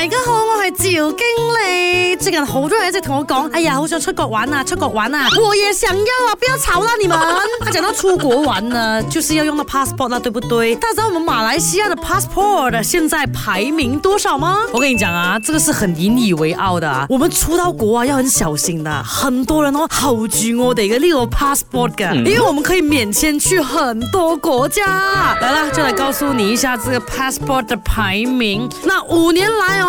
大家好，我係趙經理。最近好多人一直同我講，哎呀，好想出國玩啊，出國玩啊！我也想要啊，不要吵啦，你們。講 到出國玩呢，就是要用到 passport，那，啊、對不對？大家知道我們馬來西亞的 passport 現在排名多少嗎？我跟你講啊，這個是很引以為傲的。我們出到國啊，要很小心的。很多人哦，好驕傲的一個利用 passport，因為我們可以免簽去很多國家，嗯。來啦，就來告訴你一下這個 passport 的排名。那五年來哦，